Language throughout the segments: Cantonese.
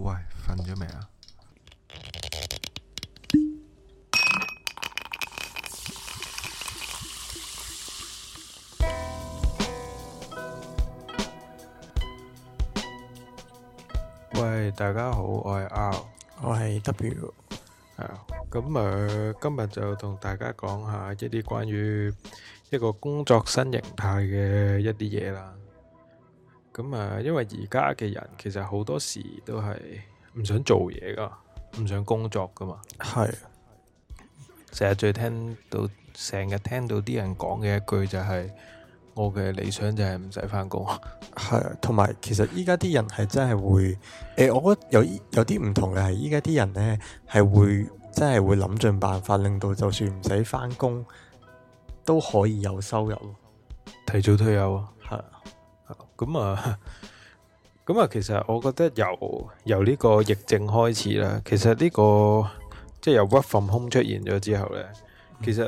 喂，瞓咗未啊？喂，大家好，我係 R，我係 W 啊。咁啊，今日就同大家講下一啲關於一個工作新形態嘅一啲嘢啦。咁啊，因為而家嘅人其實好多時都係唔想做嘢噶，唔想工作噶嘛。係成日最聽到成日聽到啲人講嘅一句就係，係，我嘅理想就係唔使翻工。係，同埋其實依家啲人係真係會，誒、欸，我覺得有有啲唔同嘅，係依家啲人咧係會真係會諗盡辦法，令到就算唔使翻工都可以有收入，提早退休啊。咁啊，咁啊，其實我覺得由由呢個疫症開始啦，其實呢個即係由 work from home 出現咗之後咧，其實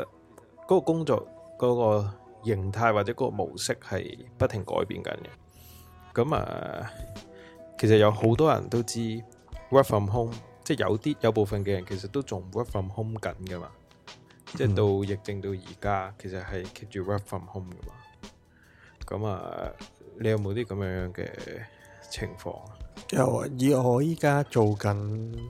嗰個工作嗰個形態或者嗰個模式係不停改變緊嘅。咁啊，其實有好多人都知 work from home，即係有啲有部分嘅人其實都仲 work from home 緊噶嘛，Mm-hmm。即係到疫症到而家，其實係 keep 住 work from home 噶嘛。咁啊，你有冇啲咁樣嘅情況啊？又以我依家做緊，誒、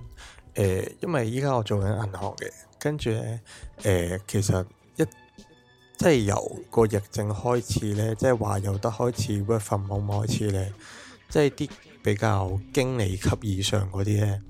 呃，因為依家我做緊銀行嘅，跟住咧，誒、呃，其實一即係、就是、由個疫症開始咧，即係話有得開始 work from home 開始咧，即係啲比較經理級以上嗰啲咧，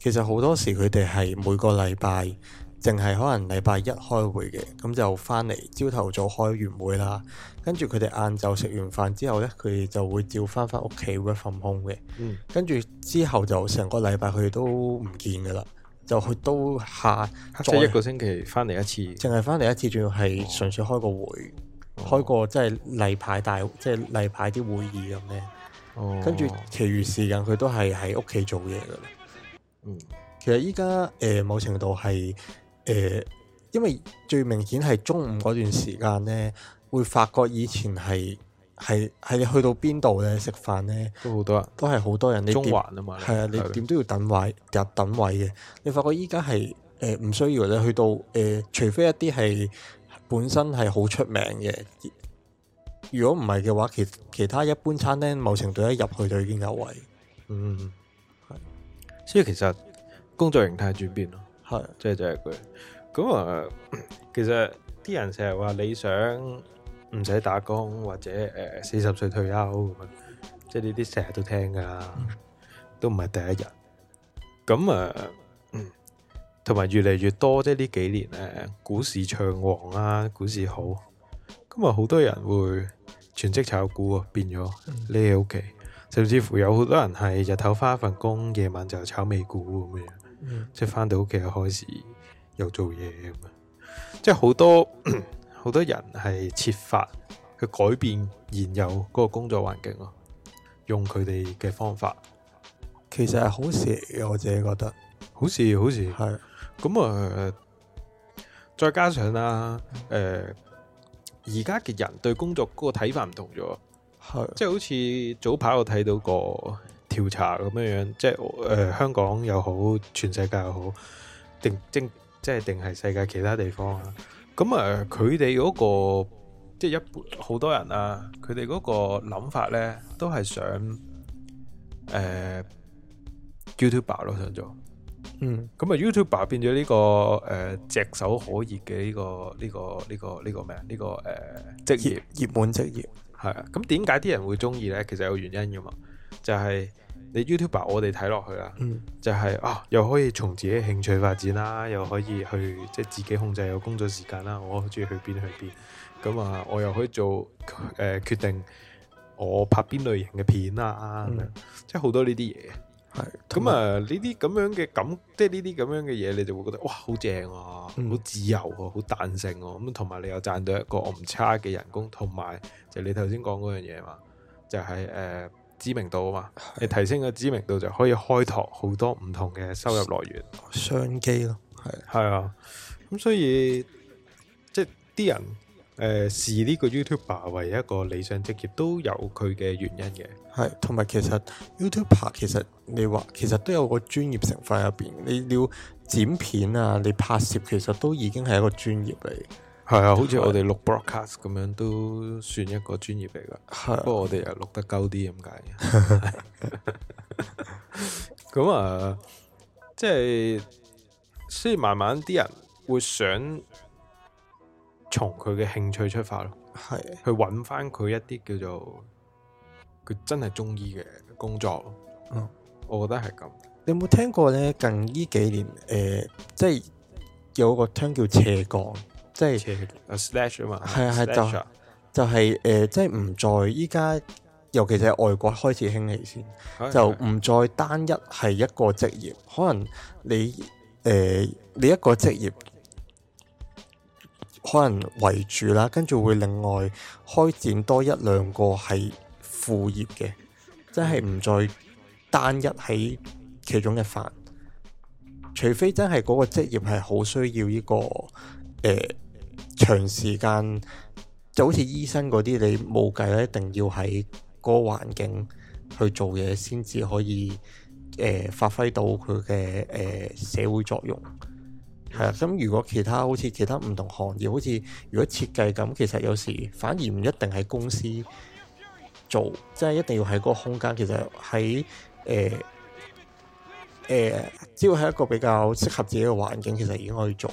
其實好多時佢哋係每個禮拜，淨係可能禮拜一開會嘅，咁就翻嚟，朝頭早開完會啦，跟住佢哋晏晝食完飯之後呢，佢哋就會照翻翻屋企 work from home 嘅。嗯，跟住之後就成個禮拜佢哋都唔見噶啦，就去都下即一個星期翻嚟一次，淨係翻嚟一次，仲要係純粹開個會，哦、開個即係例牌大，即係例牌啲會議咁呢。哦、跟住其餘時間佢都係喺屋企做嘢噶啦。其實依家誒某程度係。誒，因為最明顯係中午嗰段時間呢，會發覺以前係係係去到邊度呢？食飯呢？都好多人，都係好多人。中環啊嘛，係啊，是的 你點都要等位，入是的 等位嘅。你發覺依家係誒唔需要你去到誒，呃，除非一啲係本身係好出名嘅。如果唔係嘅話，其其他一般餐廳某程度一入去就已經有位。嗯，的所以其實工作形態轉變咯。係，即係就係佢。咁啊，其實啲人成日話理想唔使打工或者誒四十歲退休咁樣，即係呢啲成日都聽噶啦，都唔係第一日。咁啊，同埋越嚟越多，即係呢幾年誒股市唱旺啊，股市好，咁啊好多人會全職炒股啊，變咗匿喺屋企，甚至乎有好多人係日頭翻一份工，夜晚就炒美股咁樣。嗯、即係翻到屋企又開始又做嘢咁啊。即係好多好多人係設法去改變現有嗰個工作環境咯，用佢哋嘅方法。其實係好事嘅，我自己覺得。好似好似係咁啊。再加上啦，誒、呃，而家嘅人對工作嗰個睇法唔同咗，是即係好似早排我睇到個調查咁樣樣，即係誒、呃、香港又好，全世界又好，定正即即係定係世界其他地方啊？咁啊，佢哋嗰個即係一般好多人啊，佢哋嗰個諗法咧，都係想誒、呃、YouTuber 咯，想做。嗯，咁啊，YouTuber 變咗呢、這個誒，炙、呃、手可熱嘅呢個呢、這個呢、這個呢、這個咩、這個呃、啊？呢個誒職業熱門職業係啊。咁點解啲人會中意咧？其實有原因噶嘛，就係、是。你 YouTube 我哋睇落去，嗯就是，啊，就係啊又可以從自己的興趣發展啦，又可以去即係、就是、自己控制個工作時間啦，我好中意去邊去邊咁啊，我又可以做誒、呃、決定我拍邊類型嘅片啊，即係好多呢啲嘢，係咁啊，呢啲咁樣嘅感，即係呢啲咁樣嘅嘢，你就會覺得哇好正啊，好、嗯、自由啊，好彈性哦、啊，咁同埋你又賺到一個我唔差嘅人工，同埋就你頭先講嗰樣嘢嘛，就係、是、誒。呃知名度啊嘛，你提升個知名度就可以開拓好多唔同嘅收入來源，商機咯。係，係啊，咁所以即係啲人誒、呃、視呢個 YouTuber 為一個理想職業都有佢嘅原因嘅。係，同埋其實 YouTuber 其實你話其實都有個專業成分入邊，你要剪片啊，你拍攝其實都已經係一個專業嚟。係啊，好似我哋錄 broadcast 咁樣，啊、都算一個專業嚟噶。啊、不過我哋又錄得鳩啲咁解嘅。咁啊，即係雖然慢慢啲人會想從佢嘅興趣出發咯，係、啊、去揾翻佢一啲叫做佢真係鍾意嘅工作。嗯，我覺得係咁。你有冇聽過咧？近呢幾年，誒、呃，即係有個 term 叫斜槓。即係，係啊係就是、就係、是、誒，即係唔再依家，尤其是係外國開始興起先，的就唔再單一係一個職業，可能你誒、呃、你一個職業可能為主啦，跟住會另外開展多一兩個係副業嘅，即係唔再單一喺其中嘅範，除非真係嗰個職業係好需要呢、呢個誒。呃長時間就好似醫生嗰啲，你冇計咧，一定要喺嗰個環境去做嘢，先至可以誒、呃、發揮到佢嘅誒社會作用。係、啊、啦，咁如果其他好似其他唔同行業，好似如果設計咁，其實有時反而唔一定喺公司做，即係一定要喺嗰個空間。其實喺誒誒，只要係一個比較適合自己嘅環境，其實已經可以做。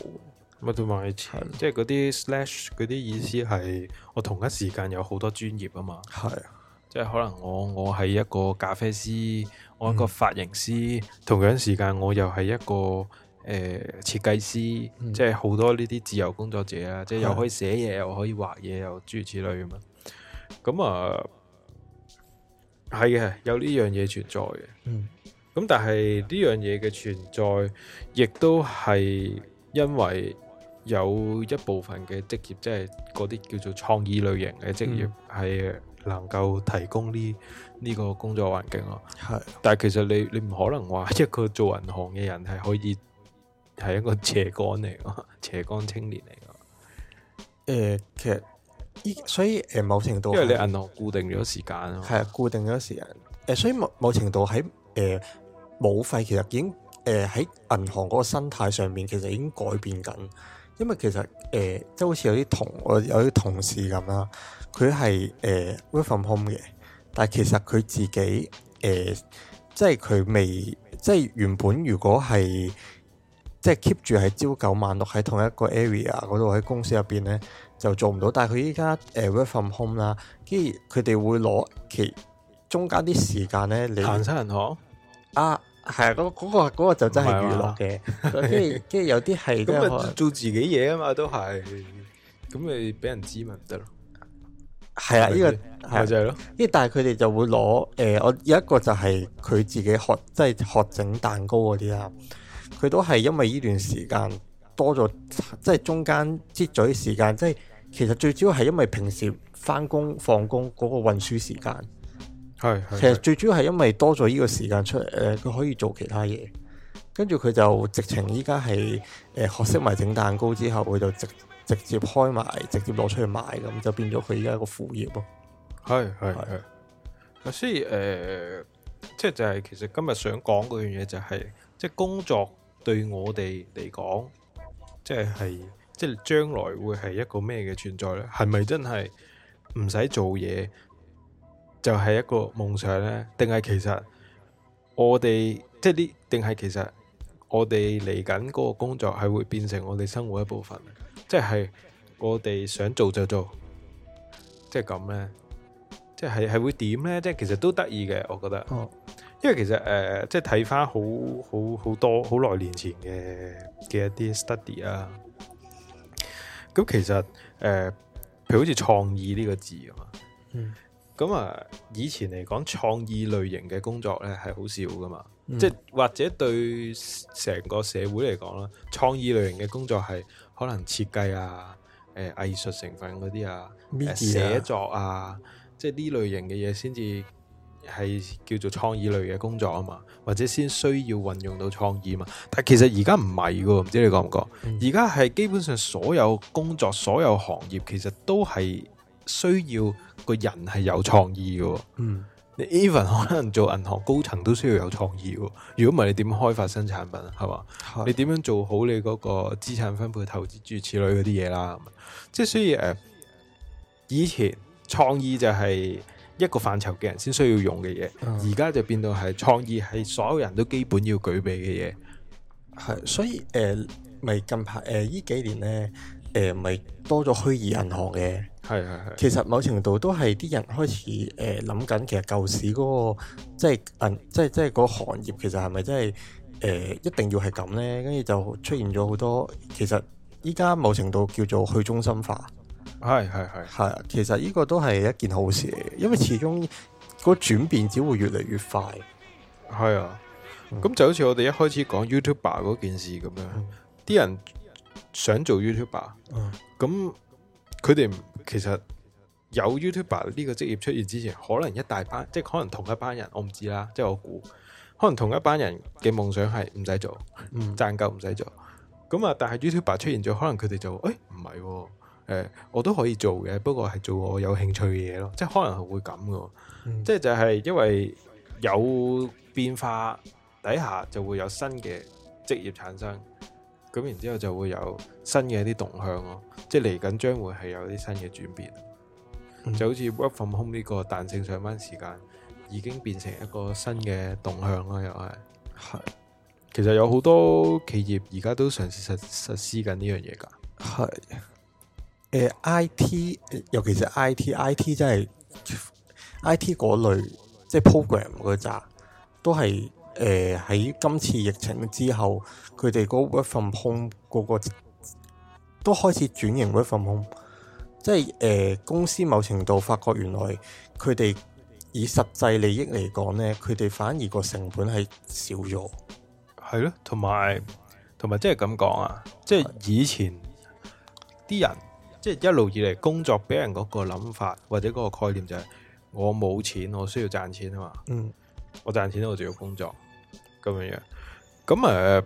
的即係嗰啲 slash 啲意思係我同一時間有好多專業啊嘛。係的即係可能我我係一個咖啡師，我一個髮型師，嗯、同樣時間我又係一個誒、呃、設計師，嗯、即係好多呢啲自由工作者啊，嗯、即係又可以寫嘢，又的可以畫嘢，又諸如此類咁啊。咁啊，係嘅，有呢樣嘢存在嘅。嗯，咁但係呢樣嘢嘅存在，亦都係因為。有一部分嘅職業，即係嗰啲叫做創意類型嘅職業，係能夠提供呢呢個工作環境咯。係，但係其實你你唔可能話一個做銀行嘅人係可以係一個斜槓嚟嘅，斜槓青年嚟嘅。誒，其實依所以誒，某程度因為你銀行固定咗時間啊，係啊，固定咗時間誒，所以某某程度喺誒冇費其實已經誒喺銀行嗰個生態上面其實已經改變緊。因為其實誒、呃呃呃，即係好似有啲同我有啲同事咁啦，佢係誒 work from home 嘅，但係其實佢自己誒，即係佢未，即係原本如果係即係 keep 住係朝九晚六喺同一個 area 嗰度喺公司入邊咧，就做唔到。但係佢依家誒 work from home 啦，跟住佢哋會攞其中間啲時間咧，嚟行出銀行啊！係啊，嗰嗰、那個那個就真係娛樂嘅，即係即係有啲係咁啊， 是做自己嘢啊嘛，都係咁你俾人知咪唔得咯。係啊的，呢個咪就係咯。即係但係佢哋就會攞誒、呃，我有一個就係佢自己學，即、就、係、是、學整蛋糕嗰啲啊。佢都係因為呢段時間多咗，即、就、係、是、中間積聚時間，即、就、係、是、其實最主要係因為平時返工放工嗰個運輸時間。係，其實最主要係因為多咗呢個時間出嚟，誒，佢可以做其他嘢，跟住佢就直情依家係，誒、呃，學識埋整蛋糕之後，佢就直直接開埋，直接攞出去賣，咁就變咗佢依家一個副業咯。係係係，啊，所以誒，即係、呃、就係、是，其實今日想講嗰樣嘢就係、是，即、就、係、是、工作對我哋嚟講，即係即係將來會係一個咩嘅存在咧？係咪真係唔使做嘢？就係一個夢想咧，定係其實我哋即係呢？定係其實我哋嚟緊嗰個工作係會變成我哋生活的一部分？即係我哋想做就做，即係咁咧？即係係會點咧？即係其實都得意嘅，我覺得。哦、嗯，因為其實誒、呃，即係睇翻好好好多好耐年前嘅嘅一啲 study 啊。咁、嗯、其實誒、呃，譬如好似創意呢個字啊嘛，嗯。咁啊，以前嚟講創意類型嘅工作呢係好少噶嘛，即係、嗯、或者對成個社會嚟講啦，創意類型嘅工作係可能設計啊、誒藝術成分嗰啲啊、寫 Media. 作啊，即係呢類型嘅嘢先至係叫做創意類嘅工作啊嘛，或者先需要運用到創意嘛。但其實而家唔係噶，唔知你講唔講？而家係基本上所有工作、所有行業其實都係。需要個人係有創意嘅。嗯，你 even 可能做銀行高層都需要有創意嘅。你如果唔係，你點開發新產品啊？係嘛？是你點樣做好你嗰個資產分配、投資之類的、諸如此類嗰啲嘢啦？即係所以誒、呃，以前創意就係一個範疇嘅人先需要用嘅嘢，而家、嗯、就變到係創意係所有人都基本要具備嘅嘢。係，所以誒，咪、呃、近排誒依幾年咧誒，咪、呃、多咗虛擬銀行嘅。係係係，是是是其實某程度都係啲人開始誒諗緊，呃、其實舊時嗰個即係、呃、即係即係個行業，其實係咪真係誒、呃、一定要係咁呢？跟住就出現咗好多，其實依家某程度叫做去中心化。係係係，係，其實呢個都係一件好事，因為始終個轉變只會越嚟越快。係啊，咁就好似我哋一開始講 YouTuber 嗰件事咁樣，啲、嗯、人想做 YouTuber，咁佢哋、嗯。其實有 YouTuber 呢個職業出現之前，可能一大班，即係可能同一班人，我唔知啦，即係我估，可能同一班人嘅夢想係唔使做，賺夠唔使做。咁啊，但係 YouTuber 出現咗，可能佢哋就誒唔係喎，誒我都可以做嘅，不過係做我有興趣嘅嘢咯。即係可能係會咁嘅，嗯、即係就係因為有變化底下就會有新嘅職業產生。咁然之後就會有新嘅一啲動向咯，即係嚟緊將會係有啲新嘅轉變，嗯、就好似 work from home 呢個彈性上班時間已經變成一個新嘅動向咯，又係係是其實有好多企業而家都嘗試實實施緊呢樣嘢㗎，係誒 I T，尤其是 I T I T 真係 I T 嗰類即係 program 嗰扎都係。誒，喺、呃、今次疫情之後，佢哋嗰 work from home 嗰個都開始轉型 work from home，即係誒、呃、公司某程度發覺，原來佢哋以實際利益嚟講咧，佢哋反而個成本係少咗，係咯，同埋同埋即係咁講啊，即係以前啲人即係一路以嚟工作俾人嗰個諗法或者嗰個概念就係、是、我冇錢，我需要賺錢啊嘛，嗯，我賺錢我就要工作。咁樣樣，咁誒，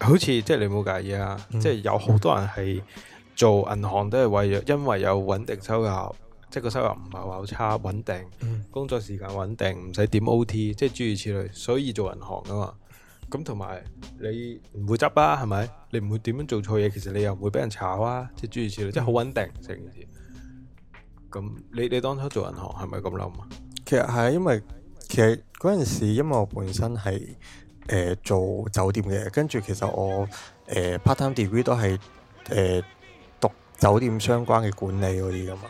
好似即係你冇介意啊，即係有好多人係做銀行都係為咗，因為有穩定收入，即係個收入唔係話好差，穩定，工作時間穩定，唔使點 OT，即係諸如此類，所以做銀行噶嘛。咁同埋你唔會執啊，係咪？你唔會點樣做錯嘢，其實你又唔會俾人炒啊，即係諸如此類，即係好穩定成件事。咁你你當初做銀行係咪咁諗啊？其實係因為。其實嗰陣時，因為我本身係誒、呃、做酒店嘅，跟住其實我誒、呃、part time degree 都係誒、呃、讀酒店相關嘅管理嗰啲噶嘛。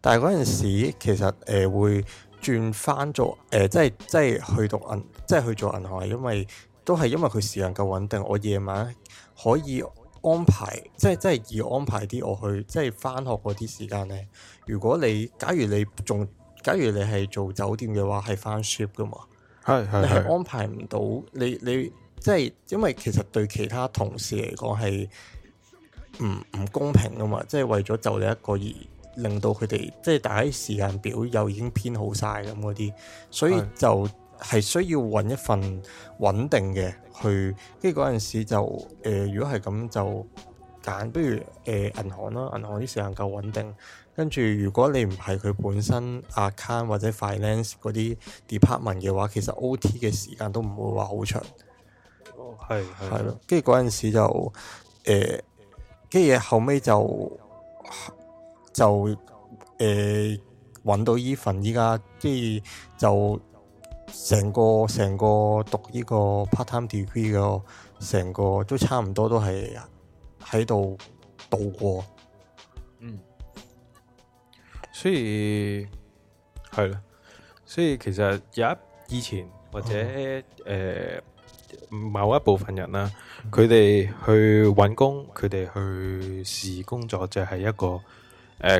但係嗰陣時，其實誒、呃、會轉翻做誒、呃、即係即係去讀銀，即係去做銀行，因為都係因為佢時間夠穩定，我夜晚可以安排，即係即係要安排啲我去，即係翻學嗰啲時間咧。如果你假如你仲，假如你係做酒店嘅話，係翻 shift 噶嘛，係係你係安排唔到你你即係、就是，因為其實對其他同事嚟講係唔唔公平噶嘛，即、就、係、是、為咗就你一個而令到佢哋即係大家啲時間表又已經編好晒咁嗰啲，所以就係需要揾一份穩定嘅去。跟住嗰陣時就誒、呃，如果係咁就揀，不如誒銀行啦，銀行啲時間夠穩定。跟住，如果你唔係佢本身 account 或者 finance 啲 department 嘅話，其實 OT 嘅時間都唔會話好長哦，係係。係咯，跟住嗰陣時就誒跟住後尾就就誒揾、呃、到依份依家，即係就成個成個讀呢個 part time degree 嘅，成個都差唔多都係喺度度過。所以係咯，所以其實有一以前或者誒某一部分人啦，佢哋，嗯、去搵工，佢哋去試工作，就係、是、一個誒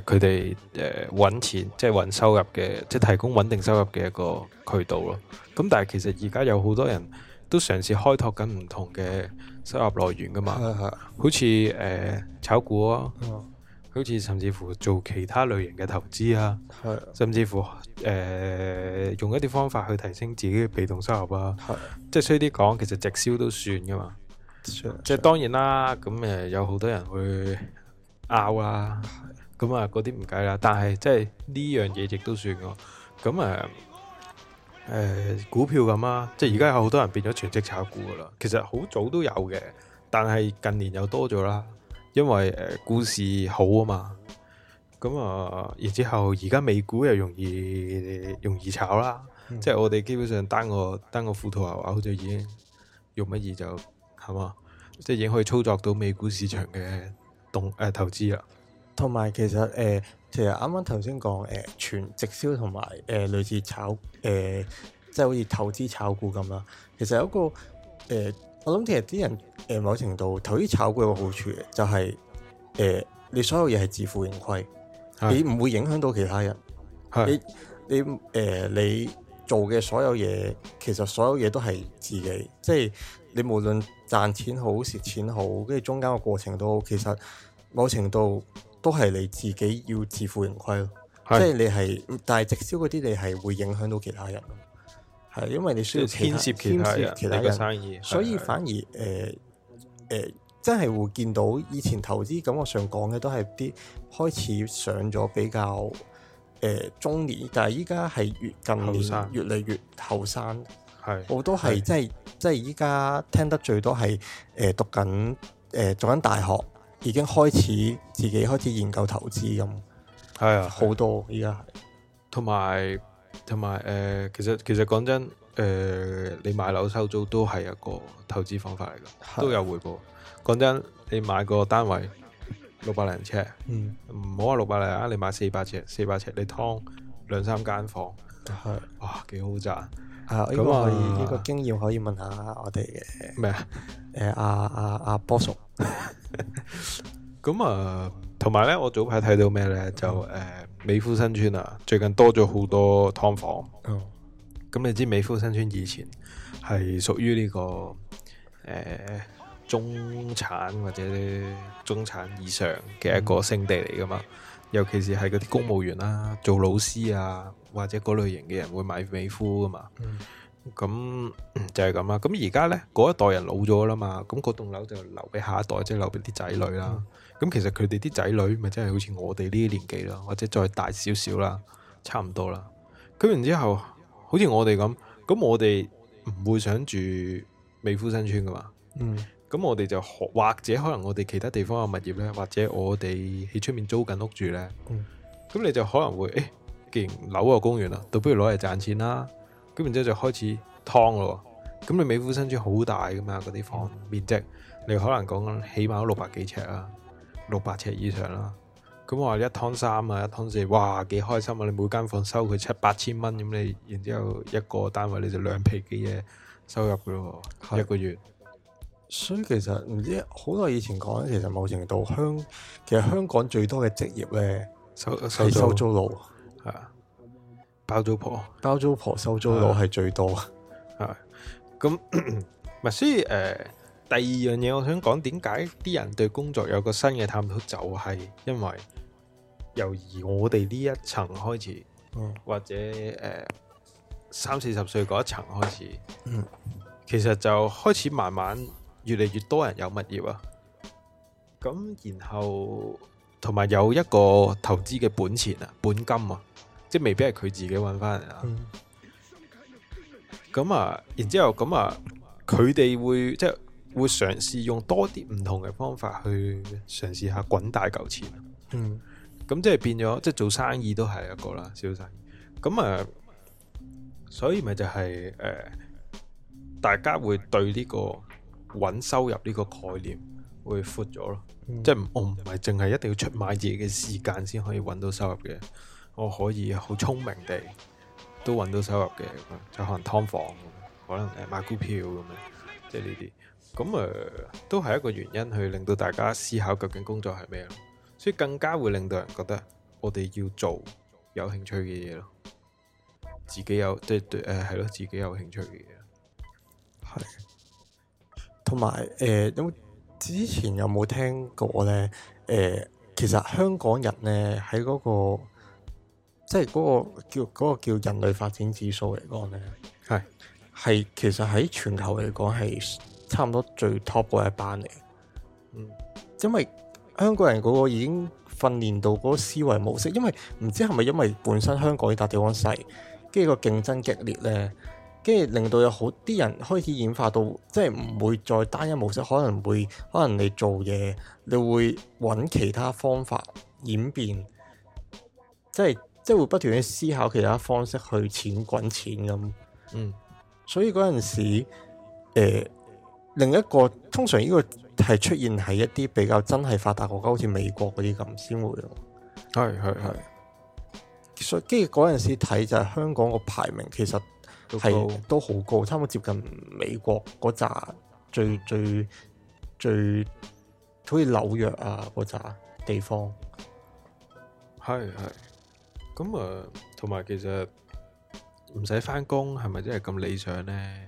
佢哋誒搵錢，即係搵收入嘅，即係提供穩定收入嘅一個渠道咯。咁但係其實而家有好多人都嘗試開拓緊唔同嘅收入來源噶嘛，嗯、好似誒、呃、炒股啊、哦。嗯好似甚至乎做其他類型嘅投資啊，是啊甚至乎誒、呃、用一啲方法去提升自己嘅被動收入啊，即係衰啲講，其實直銷都算噶嘛，即係、啊啊、當然啦，咁誒有好多人去拗啦，咁啊嗰啲唔計啦，但係即係呢樣嘢亦都算咯，咁啊誒股票咁啊，即係而家有好多人變咗全職炒股噶啦，其實好早都有嘅，但係近年又多咗啦。因為誒股市好啊嘛，咁啊，然之後而家美股又容易容易炒啦，嗯、即係我哋基本上單個單個富途牛牛就已經用乜嘢，就係嘛，即係已經可以操作到美股市場嘅動誒、呃、投資啦。同埋其實誒、呃，其實啱啱頭先講誒，全直銷同埋誒類似炒誒、呃，即係好似投資炒股咁啦。其實有一個誒。呃我諗其實啲人誒、呃，某程度頭先炒股有個好處就係、是、誒、呃，你所有嘢係自負盈虧，是的 你唔會影響到其他人。是的 你你誒、呃，你做嘅所有嘢，其實所有嘢都係自己，即係你無論賺錢好蝕錢好，跟住中間個過程都好，其實某程度都係你自己要自負盈虧咯。是的 即係你係，但係直銷嗰啲你係會影響到其他人。係，因為你需要，要牽涉其他，涉其他生意。所以反而誒誒的、呃呃，真係會見到以前投資感覺上講嘅都係啲開始上咗比較誒、呃、中年，但係依家係越近年，年輕越嚟越後生。係的，好多係即係即係依家聽得最多係誒、呃、讀緊誒讀緊大學，已經開始自己開始研究投資咁。係啊，好多依家係，同埋。同埋、呃、其實其實講真、呃，你買樓收租都係一個投資方法嚟㗎，都有回報。講真的，你買個單位六百零尺，唔好話六百零啊，你買四百尺，四百尺你劏兩三間房，的哇，幾好賺！啊，呢個可以呢個經驗可以問下我哋嘅咩啊？誒阿阿阿波叔，咁啊，同埋咧，我早排睇到咩咧？就誒。嗯美孚新村啊，最近多咗好多劏房。咁、哦、你知美孚新村以前係屬於呢、這個誒、呃、中產或者中產以上嘅一個聖地嚟噶嘛？嗯、尤其是係嗰啲公務員啦、啊、做老師啊或者嗰類型嘅人會買美孚噶嘛？咁、嗯、就係咁啦。咁而家呢，嗰一代人老咗啦嘛，咁嗰棟樓就留俾下一代，即、就、係、是、留俾啲仔女啦。嗯咁其實佢哋啲仔女咪真係好似我哋呢啲年紀啦，或者再大少少啦，差唔多啦。咁然之後，好似我哋咁，咁我哋唔會想住美孚新村噶嘛。嗯，咁我哋就學或者可能我哋其他地方嘅物業咧，或者我哋喺出面租緊屋住咧。嗯，咁你就可能會誒，既然樓個供完啦，倒不如攞嚟賺錢啦。咁然之後就開始劏啦。咁你美孚新村好大噶嘛？嗰啲房、嗯、面積，你可能講起碼六百幾尺啊。六百尺以上啦，咁、嗯、我話一湯三啊，一湯四，哇，幾開心啊！你每間房收佢七八千蚊，咁你，然之後一個單位你就兩皮幾嘅嘢收入噶咯，一個月。所以其實唔知好耐以前講，其實某程度香，其實香港最多嘅職業咧，收收收租佬係啊，包租婆，包租婆收租佬係最多，係。咁，咪、嗯、係，所以誒。第二樣嘢，我想講點解啲人對工作有個新嘅探討，就係、是、因為由而我哋呢一層開始，嗯、或者三四十歲嗰一層開始，嗯、其實就開始慢慢越嚟越多人有物業啊。咁然後同埋有一個投資嘅本錢啊，本金啊，即係未必係佢自己揾翻嚟啊。咁、嗯、啊，然之後咁啊，佢哋會即係。會嘗試用多啲唔同嘅方法去嘗試下滾大嚿錢，嗯，咁即係變咗，即係做生意都係一個啦，小生意，咁啊，所以咪就係、是、誒、呃，大家會對呢、這個搵收入呢個概念會闊咗咯。嗯、即係我唔係淨係一定要出賣自己嘅時間先可以搵到收入嘅，我可以好聰明地都搵到收入嘅，就可能劏房，可能誒買股票咁樣，即係呢啲。咁誒都係一個原因，去令到大家思考究竟工作係咩咯，所以更加會令到人覺得我哋要做有興趣嘅嘢咯，自己有即係對誒係咯，自己有興趣嘅嘢。係。同埋誒，咁之前有冇聽過咧？誒，其實香港人咧喺嗰個，即係嗰個叫嗰個叫人類發展指數嚟講咧，係係其實喺全球嚟講係。差唔多最 top 嗰一班嚟，嗯，因為香港人嗰個已經訓練到嗰個思維模式，因為唔知係咪因為本身香港呢笪地方細，跟住個競爭激烈呢，跟住令到有好啲人開始演化到，即係唔會再單一模式，可能會可能你做嘢，你會揾其他方法演變，即係即係會不斷去思考其他方式去錢滾錢咁，嗯，所以嗰陣時誒。欸另一個通常呢個係出現喺一啲比較真係發達國家，好似美國嗰啲咁先會咯。係係係，所以跟住嗰陣時睇就係香港個排名，其實係都好高，高，差唔多接近美國嗰紮最係最最好似紐約啊嗰紮地方。係係，咁誒，同埋其實唔使返工係咪真係咁理想咧？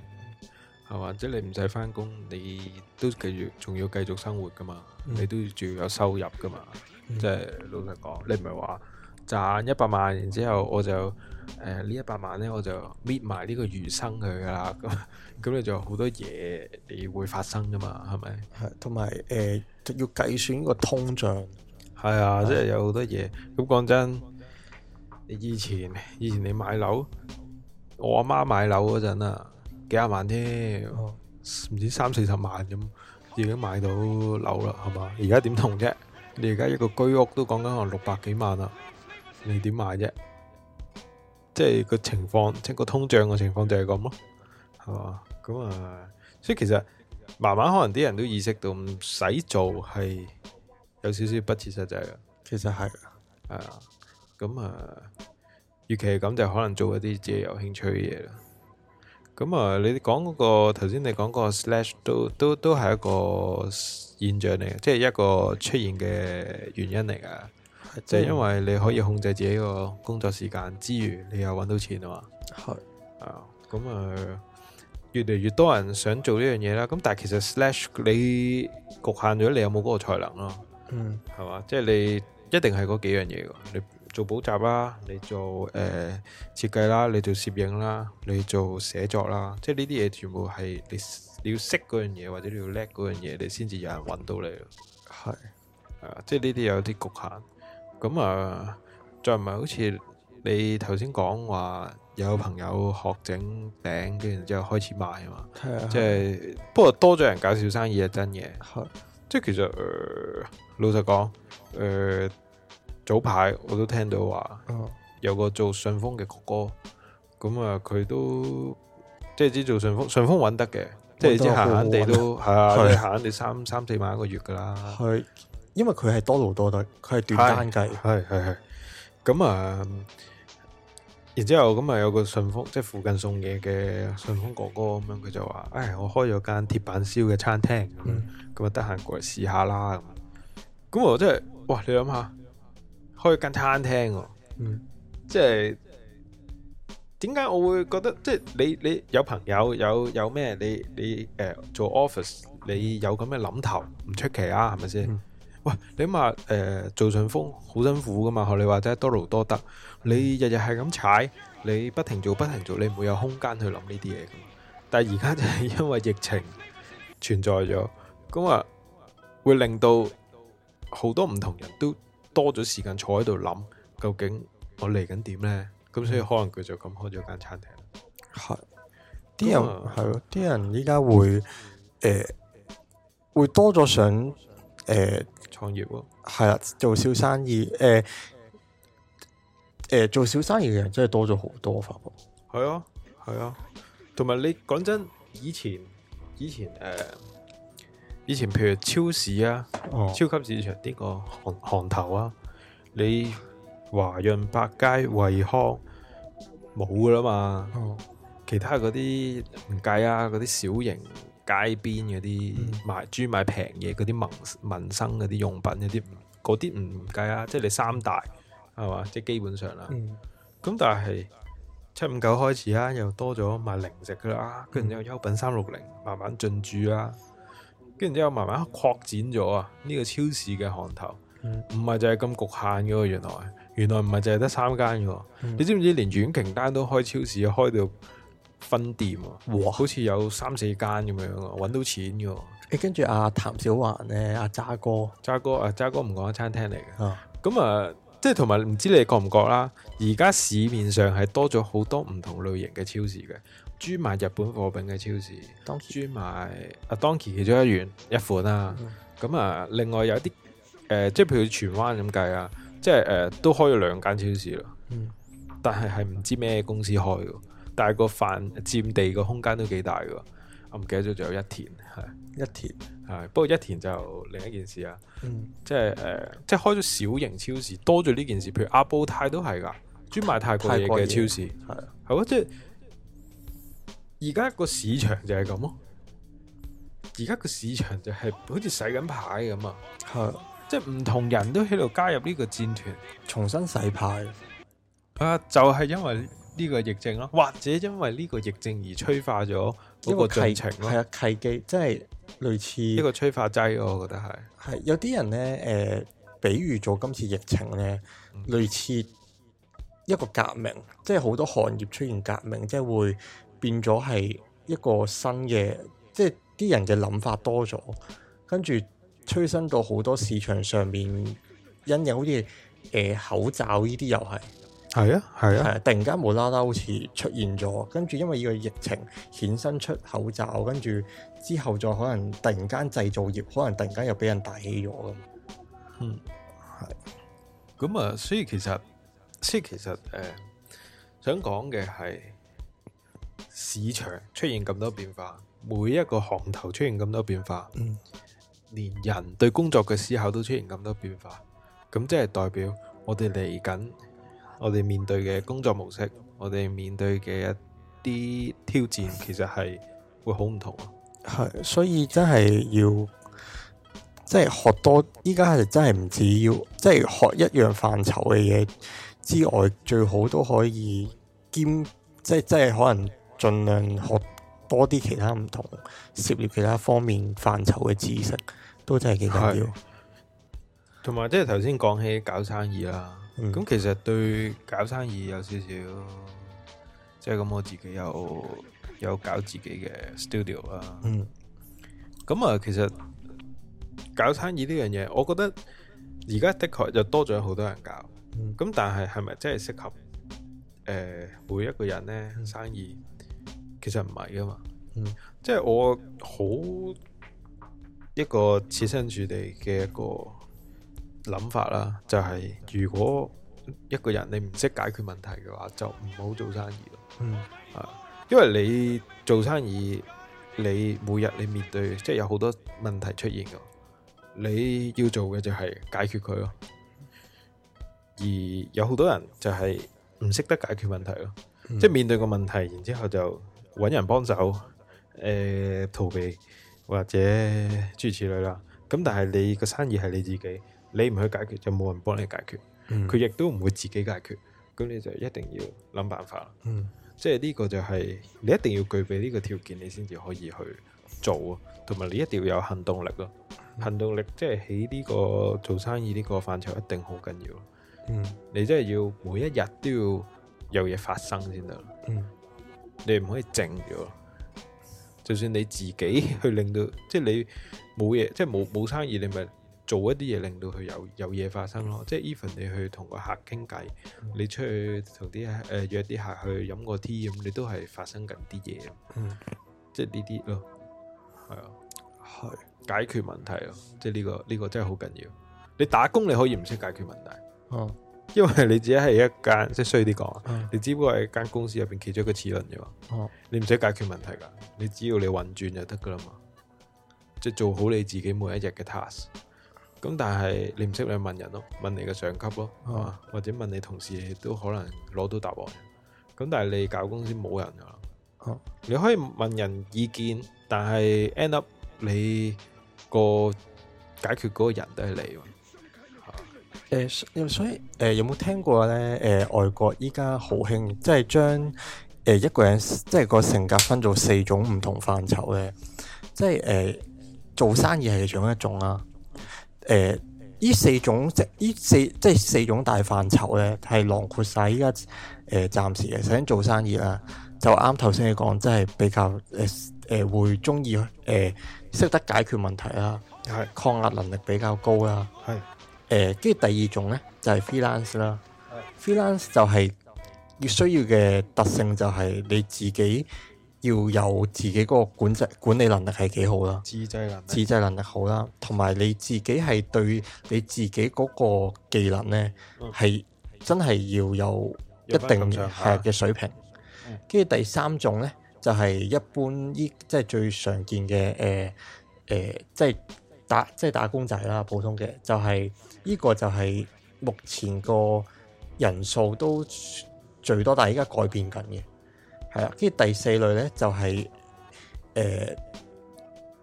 係嘛？即係你唔使翻工，你都繼續仲要繼續生活噶嘛？嗯、你都要仲要有收入噶嘛？嗯、即係老實講，你唔係話賺一百萬，然之後我就誒呢、呃、一百萬咧，我就搣埋呢個餘生佢噶啦。咁咁、嗯、 你就好多嘢，你會發生噶嘛？係咪？同埋誒要計算個通脹。係啊，即係有好多嘢。咁講真，真你以前以前你買樓，我阿媽,媽買樓嗰陣啊。幾十萬添，唔、哦、知三四十萬咁，已經買到樓啦，係嘛？而家點同啫？你而家一個居屋都講緊可能六百幾萬啦，你點買啫？即係個情況，即係個通脹嘅情況就係咁咯，係嘛？咁啊，所以其實慢慢可能啲人都意識到唔使做係有少少不切實際嘅。其實係，係啊。咁啊，與其咁就可能做一啲自己有興趣嘅嘢啦。咁啊，你講嗰個頭先，你講個 slash 都都都係一個現象嚟嘅，即係一個出現嘅原因嚟噶。嗯，就係因為你可以控制自己個工作時間之餘，你又揾到錢啊嘛，係啊，咁啊，越嚟越多人想做呢樣嘢啦。咁但係其實 slash 你局限咗你有冇嗰個才能咯，嗯，係嘛，即係你一定係嗰幾樣嘢。做補習啦，你做誒、呃、設計啦，你做攝影啦，你做寫作啦，即係呢啲嘢全部係你你要識嗰樣嘢，或者你要叻嗰樣嘢，你先至有人搵到你。係、啊，即係呢啲有啲局限。咁啊，再唔係好似你頭先講話有朋友學整餅，跟住之後開始賣啊嘛。係啊。即係不過多咗人搞小生意啊，真嘢的。係。即係其實、呃、老實講誒。呃早排我都聽到話，有個做順豐嘅哥哥，咁啊佢都即係只做順豐，順豐揾得嘅，即係即係閒閒哋都係啊，閒閒哋是是三三四萬一個月噶啦。係，因為佢係多勞多得，佢係短單計，係係係。咁啊、嗯，然之後咁啊、嗯嗯嗯、有個順豐即係附近送嘢嘅順豐哥哥咁樣，佢、嗯、就話，哎，我開咗間鐵板燒嘅餐廳，咁啊得閒過嚟試下啦。咁，咁我真係哇，你諗下。開一間餐廳喎，即係點解我會覺得即係你你有朋友有有咩你你誒做 office 你有咁嘅諗頭唔出奇啊，係咪先？喂你話誒做順豐好辛苦噶嘛？學你話齋多勞多得，你日日係咁踩，你不停做不停做，你唔會有空間去諗呢啲嘢。但係而家就係因為疫情存在咗，咁啊會令到好多唔同人都。多咗時間坐喺度諗，究竟我嚟緊點咧？咁所以可能佢就咁開咗間餐廳。係，啲人係咯，啲、啊、人依家會誒、呃，會多咗想誒創、呃、業咯。係啊，做小生意誒，誒、呃呃，做小生意嘅人真係多咗好多，發覺。係啊，係啊，同埋你講真，以前以前誒。呃以前譬如超市啊，哦、超級市場呢、呢個行行頭啊，你華潤百佳、惠康冇噶啦嘛，哦、其他嗰啲唔計啊，嗰啲小型街邊嗰啲、嗯、賣豬賣平嘢嗰啲民民生嗰啲用品嗰啲，嗰啲唔計啊，即、就、係、是、你三大係嘛，即係、就是、基本上啦、啊。咁、嗯、但係七五九開始啊，又多咗賣零食噶啦、啊，跟住有優品三六零慢慢進駐啊。跟然之後慢慢擴展咗啊，呢、這個超市嘅行頭唔係、嗯、就係咁局限嘅原來，原來唔係淨係得三間嘅、嗯、你知唔知連遠擎單都開超市開到分店喎？哇！好似有三四間咁樣啊，揾到錢嘅喎。跟住阿譚小環咧、啊，阿、啊、渣哥，渣哥啊，渣哥唔講餐廳嚟嘅。啊，咁啊，即係同埋唔知你覺唔覺啦？而家市面上係多咗好多唔同類型嘅超市嘅。專賣日本貨品嘅超市，當專賣啊，Donkey 其中一員一款啦、啊。咁、嗯、啊，另外有啲誒、呃，即係譬如荃灣咁計啊，即係誒、呃、都開咗兩間超市咯，嗯，但係係唔知咩公司開嘅，但係個飯佔地個空間都幾大嘅，我唔記得咗，仲有一田係一田係，不過一田就另一件事啊，嗯，即係誒、呃，即係開咗小型超市多咗呢件事，譬如阿布泰都係噶，專賣泰國嘢嘅超市係係喎，即係。而家個市場就係咁咯。而家個市場就係好似洗緊牌咁啊，係的即係唔同人都喺度加入呢個戰團，重新洗牌啊。就係、是、因為呢個疫症咯，或者因為呢個疫症而催化咗一個劇情咯，係啊，契機即係類似一個催化劑，我覺得係係有啲人咧，誒、呃，比喻做今次疫情咧，嗯、類似一個革命，即係好多行業出現革命，即係會。變咗係一個新嘅，即係啲人嘅諗法多咗，跟住催生到好多市場上面，因有好似誒、呃、口罩呢啲又係係啊係啊，突然間無啦啦好似出現咗，跟住因為呢個疫情衍生出口罩，跟住之後再可能突然間製造業，可能突然間又俾人帶起咗咁。嗯，係。咁啊，所以其實，所以其實誒、呃，想講嘅係。市場出現咁多變化，每一個行頭出現咁多變化，嗯，連人對工作嘅思考都出現咁多變化，咁即係代表我哋嚟緊，我哋面對嘅工作模式，我哋面對嘅一啲挑戰，其實係會好唔同啊。係，所以真係要，即係學多。依家係真係唔止要，即係學一樣範疇嘅嘢之外，最好都可以兼，即係即係可能。盡量學多啲其他唔同涉獵其他方面範疇嘅知識，都真係幾緊要。同埋即係頭先講起搞生意啦，咁、嗯、其實對搞生意有少少，即係咁我自己有有搞自己嘅 studio 啦、啊。咁、嗯、啊，其實搞生意呢樣嘢，我覺得而家的確就多咗好多人搞，咁、嗯、但係係咪真係適合誒、呃、每一個人呢生意？其實唔係噶嘛，嗯，即係我好一個設身處地嘅一個諗法啦，就係、是、如果一個人你唔識解決問題嘅話，就唔好做生意咯，嗯，啊，因為你做生意，你每日你面對即係、就是、有好多問題出現噶，你要做嘅就係解決佢咯，而有好多人就係唔識得解決問題咯，即係、嗯、面對個問題，然後之後就。揾人幫手，誒、呃、逃避或者諸如此類啦。咁但係你個生意係你自己，你唔去解決就冇人幫你解決。佢亦、嗯、都唔會自己解決，咁你就一定要諗辦法啦。嗯，即係呢個就係你一定要具備呢個條件，你先至可以去做啊。同埋你一定要有行動力咯，嗯、行動力即係喺呢個做生意呢個範疇一定好緊要。嗯、你真係要每一日都要有嘢發生先得。嗯。你唔可以靜咗，就算你自己去令到，即係你冇嘢，即係冇冇生意，你咪做一啲嘢令到佢有有嘢發生咯。嗯、即係 even 你去同個客傾偈，你出去同啲誒約啲客去飲個 tea，咁你都係發生緊啲嘢。嗯、即係呢啲咯，係啊、嗯，係解決問題咯。即係、呢個、呢個呢、呢個真係好緊要。你打工你可以唔識解決問題。嗯。因為你自己係一間，即係衰啲講，就是說嗯、你只不過係間公司入邊企咗一個齒輪啫嘛。嗯、你唔使解決問題噶，你只要你運轉就得噶啦嘛。即、就、係、是、做好你自己每一日嘅 task。咁但係你唔識你問人咯，問你嘅上級咯，係嘛、嗯？或者問你同事都可能攞到答案。咁但係你搞公司冇人噶啦。嗯、你可以問人意見，但係 end up 你個解決嗰個人都係你。誒、呃，所以誒、呃，有冇聽過咧？誒、呃，外國依家好興，即係將誒一個人，即係個性格分做四種唔同範疇咧。即係誒、呃，做生意係其中一種啦、啊。誒、呃，呢四種即呢四，即係四種大範疇咧，係囊括晒依家誒暫時嘅。首先做生意啊，就啱頭先你講，即係比較誒誒、呃呃、會中意誒識得解決問題啦、啊，係抗壓能力比較高啦、啊，係。誒，跟住第二種咧，就係 freelance 啦。freelance 就係要需要嘅特性，就係你自己要有自己嗰個管制管理能力係幾好啦。自制能力，自制能力好啦，同埋你自己係對你自己嗰個技能咧，係真係要有一定嘅水平。跟住第三種咧，就係一般呢，即係最常見嘅誒誒，即係打，即係打工仔啦，普通嘅就係。呢個就係目前個人數都最多，但係依家改變緊嘅，係啦。跟住第四類咧，就係、是、誒，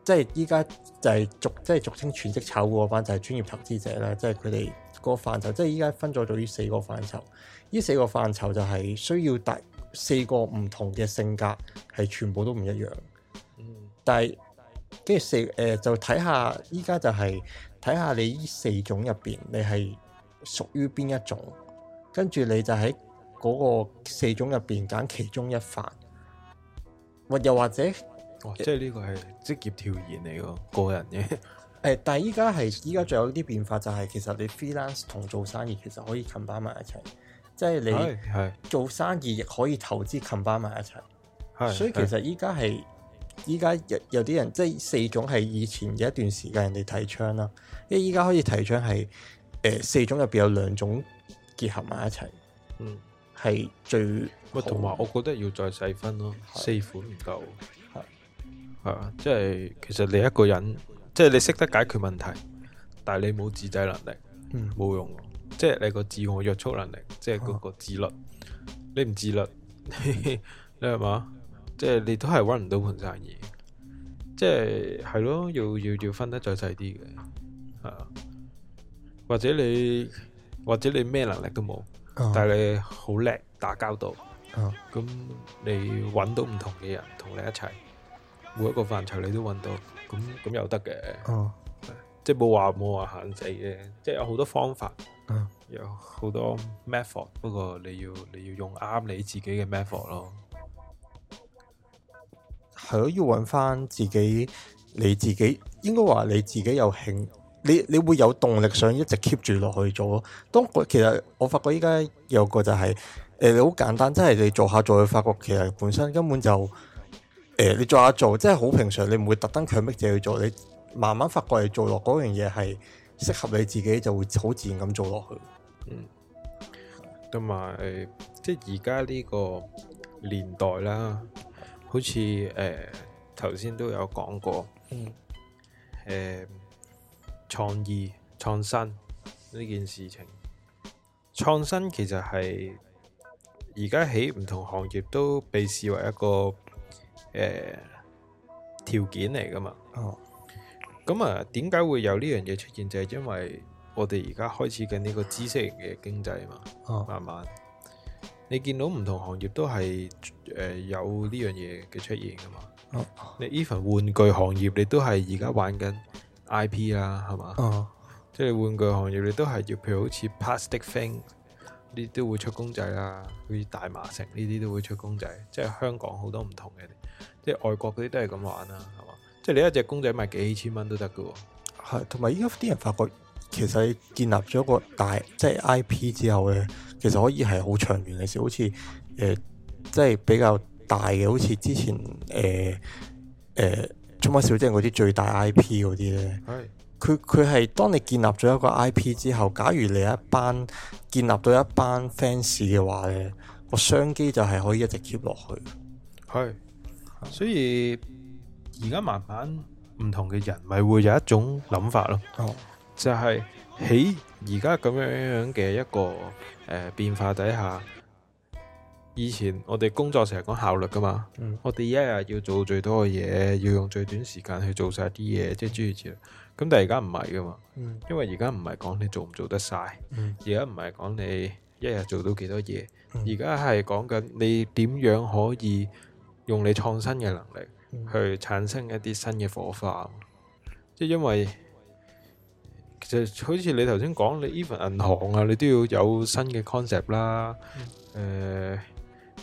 即係依家就係俗，即係俗稱全職炒股嗰班，就係、是、專、就是、業投資者啦。即係佢哋嗰個範疇，即係依家分咗咗呢四個範疇。呢四個範疇就係需要大四個唔同嘅性格，係全部都唔一樣。但係跟住四誒、呃，就睇下依家就係、是。睇下你呢四種入邊，你係屬於邊一種，跟住你就喺嗰個四種入邊揀其中一塊，或又或者，哦，即係呢個係職業挑戰嚟嘅，個人嘅。但係依家係依家仲有啲變化、就係，就係其實你 freelance 同做生意其實可以 combine 埋一齊，即係你做生意亦可以投資 combine 埋一齊，係，係，所以其實依家係。係依家有有啲人即係四種係以前有一段時間人哋提倡啦，即係依家可以提倡係誒四種入邊有兩種結合埋一齊，嗯，係最。咪同埋，我覺得要再細分咯，四款唔夠，係係啊，即係其實你一個人，即係你識得解決問題，但係你冇自制能力，嗯，冇用，即係你個自我約束能力，即係嗰個自律，嗯，你唔自律， 你係嘛？即係你都係搵唔到盤生意，即係係咯，要要要分得再細啲嘅，啊，或者你或者你咩能力都冇，啊、但係你好叻打交道，咁、啊、你搵到唔同嘅人同你一齊，每一個範疇你都搵到，咁咁又得嘅，即係冇話冇話限制嘅，即係有好多方法，啊、有好多 method，不過你要你要用啱你自己嘅 method 咯。係咯，要揾翻自己，你自己應該話你自己有興，你你會有動力想一直 keep 住落去做咯。當其實我發覺依家有個就係、是，誒、呃、你好簡單，即係你做下做，發覺其實本身根本就，誒、呃、你做下做，即係好平常，你唔會特登強迫自己去做，你慢慢發覺你做落嗰樣嘢係適合你自己，就會好自然咁做落去。嗯，同埋即係而家呢個年代啦。好似誒頭先都有講過，誒、嗯呃、創意創新呢件事情，創新其實係而家喺唔同行業都被視為一個誒條、呃、件嚟㗎嘛。哦，咁啊，點解會有呢樣嘢出現？就係、是、因為我哋而家開始緊呢個知識型嘅經濟嘛，哦、慢慢。你見到唔同行業都係誒、呃、有呢樣嘢嘅出現㗎嘛？Oh. 你 even 玩具行業你都係而家玩緊 IP 啦，係嘛？Oh. 即係玩具行業你都係要譬如好似 plastic thing 呢都會出公仔啦，好似大麻城呢啲都會出公仔，即係香港好多唔同嘅，即係外國嗰啲都係咁玩啦，係嘛？即係你一隻公仔賣幾千蚊都得㗎喎。係，同埋依家啲人發覺其實建立咗個大即係、就是、IP 之後咧。其實可以係好長遠嘅事，好似誒，即係比較大嘅，好似之前誒誒《寵、呃、物、呃、小精》嗰啲最大 IP 嗰啲咧。係是。佢佢係當你建立咗一個 IP 之後，假如你有一班建立到一班 fans 嘅話咧，個商機就係可以一直 keep 落去。係。所以而家慢慢唔同嘅人咪會有一種諗法咯。哦。就係起。而家咁樣樣嘅一個誒、呃、變化底下，以前我哋工作成日講效率噶嘛，嗯、我哋一日要做最多嘅嘢，要用最短時間去做晒啲嘢，即係諸如此類。咁但係而家唔係噶嘛，嗯、因為而家唔係講你做唔做得晒，而家唔係講你一日做到幾多嘢，而家係講緊你點樣可以用你創新嘅能力去產生一啲新嘅火花，即係、嗯、因為。就好似你頭先講，你 even 銀行啊，你都要有新嘅 concept 啦。誒、嗯，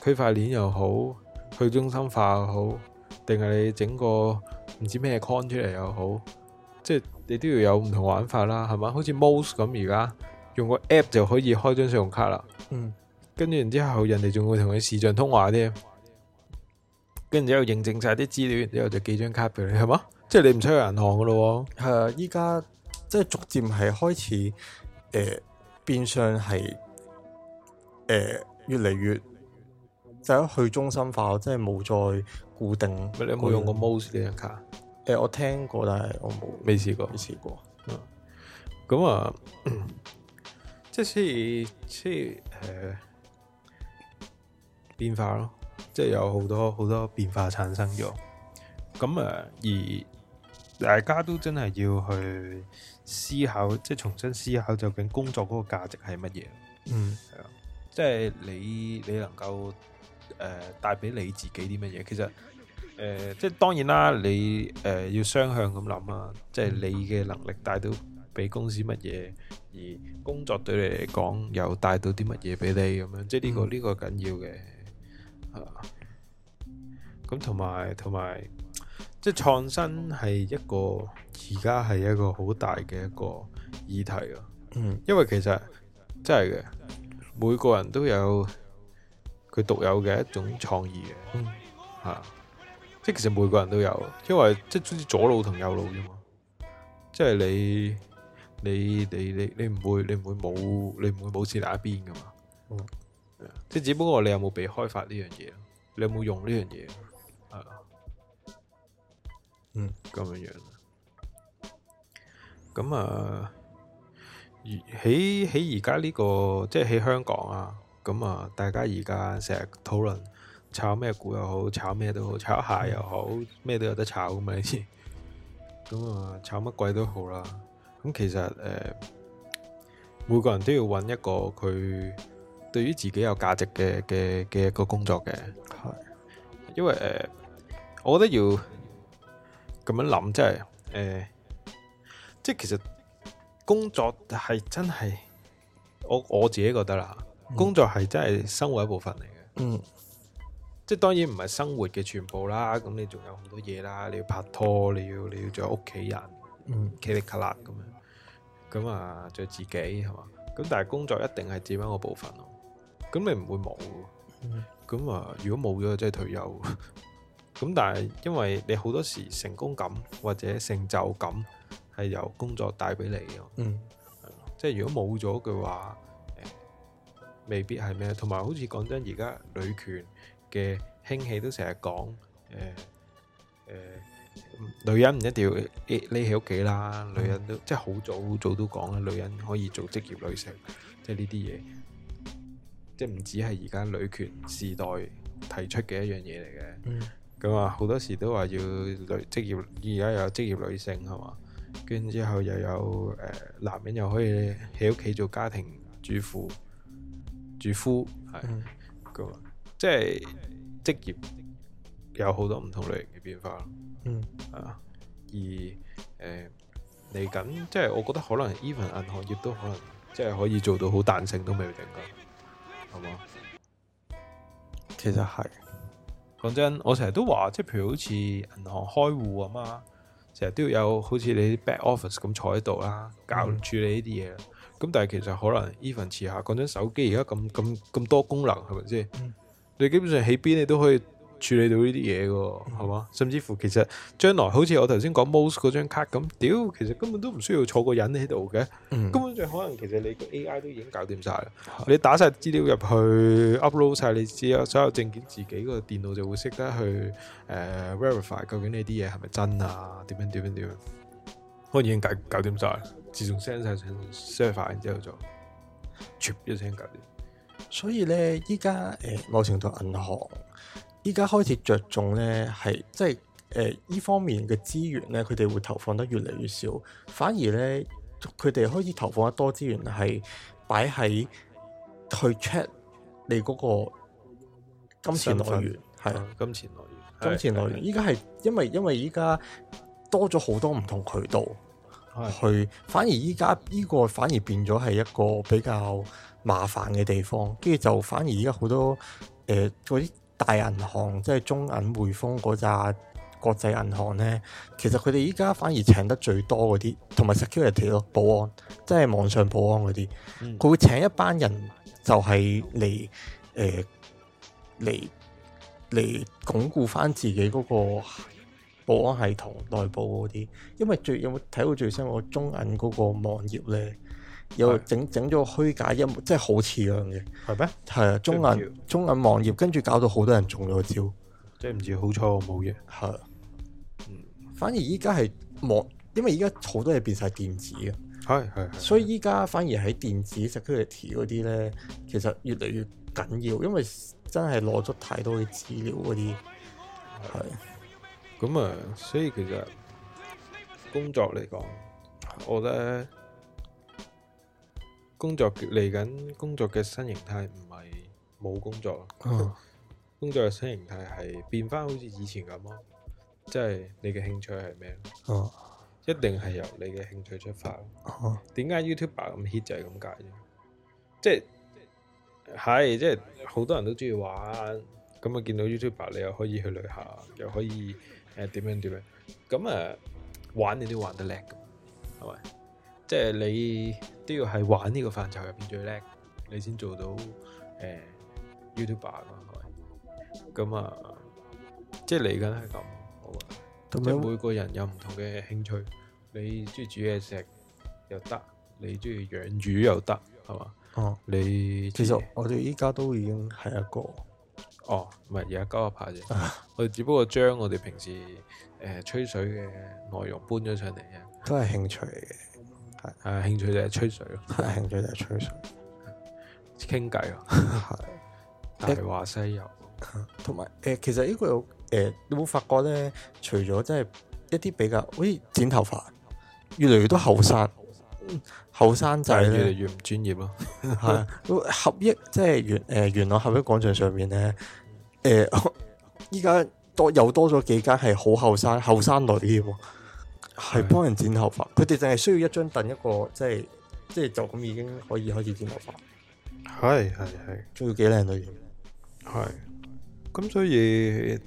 區塊鏈又好，去中心化又好，定係你整個唔知咩 concept 出嚟又好，即係你都要有唔同玩法啦，係嘛？好似 Mose 咁而家，用個 app 就可以開張信用卡啦。嗯，跟住然之後，人哋仲會同你視像通話添，嗯、跟住之後認證晒啲資料，之後就寄張卡俾你，係嘛？即係你唔使去銀行噶咯喎。係啊，依家。即係逐漸係開始，誒、呃，變相係，誒、呃，越嚟越第一去中心化，我真係冇再固定。你有冇用過 Mox 呢張卡？誒、呃，我聽過，但係我冇，未試過，未試過。嗯，咁啊， 即係先，先，誒、呃，變化咯，即係有好多好多變化產生咗。咁啊，而。大家都真係要去思考，即係重新思考究竟工作嗰個價值係乜嘢？嗯，係啊，即係你你能夠誒帶俾你自己啲乜嘢？其實誒，即係當然啦，你誒要雙向咁諗啊，即係你嘅能力帶到俾公司乜嘢，而工作對你嚟講又帶到啲乜嘢俾你咁樣，即係呢個呢個緊要嘅啊。咁同埋同埋。即係創新係一個而家係一個好大嘅一個議題啊！嗯、因為其實真係嘅，每個人都有佢獨有嘅一種創意嘅，吓、嗯，即係其實每個人都有，因為即係總之左腦同右腦啫嘛，嗯、即係你你你你你唔會你唔會冇你唔會冇一邊噶嘛，即係只不過你有冇被開發呢樣嘢，你有冇用呢樣嘢？咁樣、嗯、樣，咁啊，而喺喺而家呢個，即係喺香港啊，咁啊，大家而家成日討論炒咩股又好，炒咩都好，炒鞋又好，咩都有得炒咁咪先，咁啊，炒乜鬼都好啦。咁其實誒、呃，每個人都要搵一個佢對於自己有價值嘅嘅嘅一個工作嘅，係的，因為誒、呃，我覺得要。咁樣諗，即係誒，即、欸、係、就是、其實工作係真係我我自己覺得啦，嗯、工作係真係生活的一部分嚟嘅。嗯，即係當然唔係生活嘅全部啦。咁你仲有好多嘢啦，你要拍拖，你要你要仲有屋企人，嗯，企力卡啦咁樣。咁啊，做自己係嘛？咁但係工作一定係佔一個部分咯。咁你唔會冇？咁、嗯、啊？如果冇咗，即係退休。咁但係，因為你好多時成功感或者成就感係由工作帶俾你嘅，嗯，即係如果冇咗嘅話，未必係咩。同埋好似講真，而家女權嘅興起都成日講，誒誒，女人唔一定要匿喺屋企啦，女人都即係好早早都講啦，女人可以做職業女性，即係呢啲嘢，即係唔止係而家女權時代提出嘅一樣嘢嚟嘅。咁啊，好多時都話要女職業，而家有職業女性係嘛？跟之後又有誒、呃、男人又可以喺屋企做家庭主婦、主夫係，咁即係職業有好多唔同類型嘅變化。嗯，係啊。而誒嚟緊，即、呃、係、即係、我覺得可能 even 銀行業都可能即係可以做到好彈性都未定㗎，係嘛？其實係。講真，我成日都話，即係譬如好似銀行開戶吖嘛，成日都要有好似你啲 back office 咁坐喺度啦，教人處理呢啲嘢。咁、嗯、但係其實可能 even 遲下講真，手機而家咁咁咁多功能係咪先？即係嗯、你基本上喺邊你都可以。處理到呢啲嘢嘅，係嘛？甚至乎其實將來好似我頭先講 most 嗰張卡咁，屌其實根本都唔需要坐個人喺度嘅，根本上可能其實你個 AI 都已經搞掂晒啦。你打晒資料入去，upload 晒你啲所有證件，自己個電腦就會識得去誒 verify 究竟呢啲嘢係咪真啊？點樣點樣點樣，我已經搞搞掂晒，自從 send 晒上 server 之後就全部一聲搞掂。所以咧，依家誒，某程度銀行。依家開始着重咧，係即係誒，依方面嘅資源咧，佢哋會投放得越嚟越少，反而咧，佢哋開始投放得多資源係擺喺去 check 你嗰個金錢來源，係分啊金錢來源、金錢來源。依家係因為因為依家多咗好多唔同渠道去，的反而依家依個反而變咗係一個比較麻煩嘅地方，跟住就反而而家好多誒嗰啲。呃大銀行，即係中銀、匯豐嗰紮國際銀行呢？其實佢哋依家反而請得最多嗰啲，同埋 security 咯，保安，即係網上保安嗰啲，佢會請一班人就係嚟誒嚟嚟鞏固返自己嗰個保安系統內部嗰啲，因為最有冇睇到最新個中銀嗰個網頁咧？又整整咗虛假音樂一，即係好似嗰樣嘢，係咩？係啊，中銀中銀網頁，跟住搞到好多人中咗個招，即係唔知好彩我冇嘢。係啊是，嗯，反而依家係網，因為依家好多嘢變晒電子啊，係係，所以依家反而喺電子 security 嗰啲咧，其實越嚟越緊要，因為真係攞咗太多嘅資料嗰啲，係。咁啊，所以其實工作嚟講，我覺得。工作嚟緊工作嘅新形態唔係冇工作，工作嘅新形態係變翻好似以前咁咯。即係你嘅興趣係咩？哦，一定係由你嘅興趣出發。哦，點解 YouTuber 咁 hit 就係咁解啫？即係係即係好多人都中意玩，咁啊見到 YouTuber 你又可以去旅行，又可以誒點樣點樣，咁啊玩你都玩得叻，係咪？即係你。都要係玩呢個範疇入邊最叻，你先做到誒、呃、YouTuber 嘛？係咪？咁啊，即係嚟緊係咁。好啊，是即係每個人有唔同嘅興趣，你中意煮嘢食又得，你中意養魚又得，係嘛？吧哦，你其實我哋依家都已經係一個哦，唔係而家交下牌啫。 我哋只不過將我哋平時誒、呃、吹水嘅內容搬咗上嚟啫，都係興趣嘅。係、啊，興趣就係吹水咯。興趣就係吹水，傾偈咯。係、 啊，大話西遊，同埋誒，其實呢個有誒、呃、你有冇發覺咧？除咗即係一啲比較，喂、哎，剪頭髮越嚟越多後生，後生仔咧越嚟越唔專業咯、啊。係、 啊，合益，即、就、係、是、元誒、呃、元朗合益廣場上面咧，誒、呃，依家多又多咗幾間係好後生後生女嘅喎。 係幫人剪頭髮，佢哋淨係需要一張凳，一個即係即係就咁、即係、已經可以開始剪頭髮。係係係，仲要幾靚女型。係，咁所以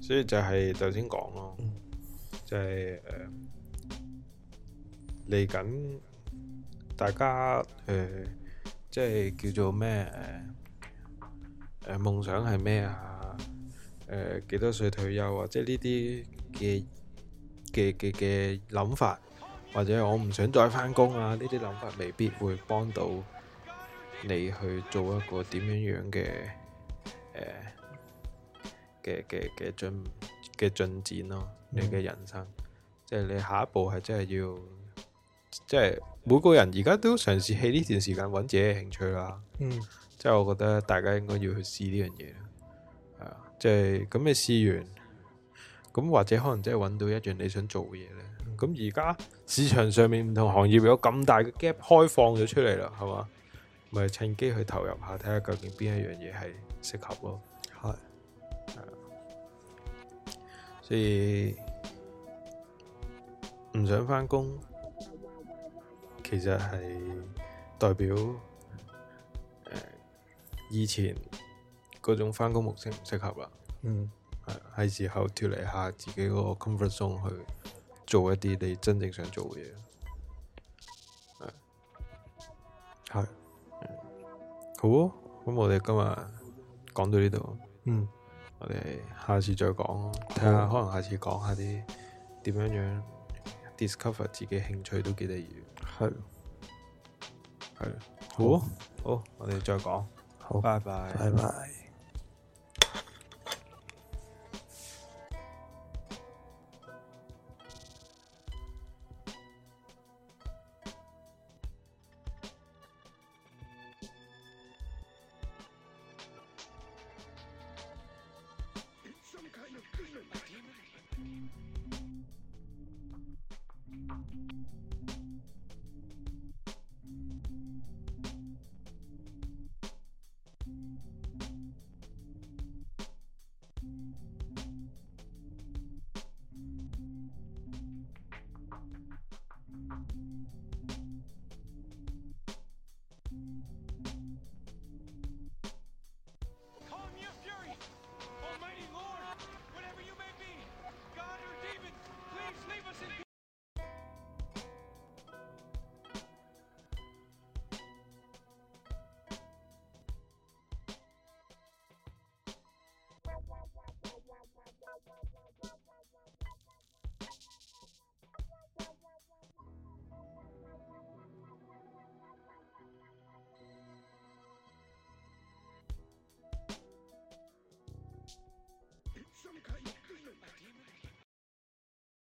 所以就係頭先講咯，就係誒嚟緊大家誒，即、呃、係、即係、叫做咩誒誒夢想係咩啊？誒、呃、幾多歲退休啊？即係呢啲嘅。嘅嘅嘅諗法，或者我唔想再返工啊，呢啲諗法未必會幫到你去做一個點樣樣嘅誒嘅嘅嘅進嘅進展咯。嗯、你嘅人生，即係你下一步係真係要，即係每個人而家都嘗試喺呢段時間揾自己嘅興趣啦。嗯，即係我覺得大家應該要去試呢樣嘢，係啊，即係咁你試完。咁或者可能真係揾到一樣你想做嘅嘢呢。咁而家市場上面唔同行業有咁大嘅 gap 開放咗出嚟啦，係嘛，咪趁機去投入下，睇下究竟邊一樣嘢係適合咯。係，係啊，所以唔想返工，其實係代表以前嗰種返工模式唔適合啦。嗯。係係時候脫離下自己嗰個 comfort zone 去做一啲你真正想做嘅嘢。係，好好，咁我哋今日講到呢度。嗯，我哋下次再講。睇下可能下次講下啲點樣樣 discover 自己興趣都幾得意。係係，好，好，我哋再講。好，拜拜，拜拜。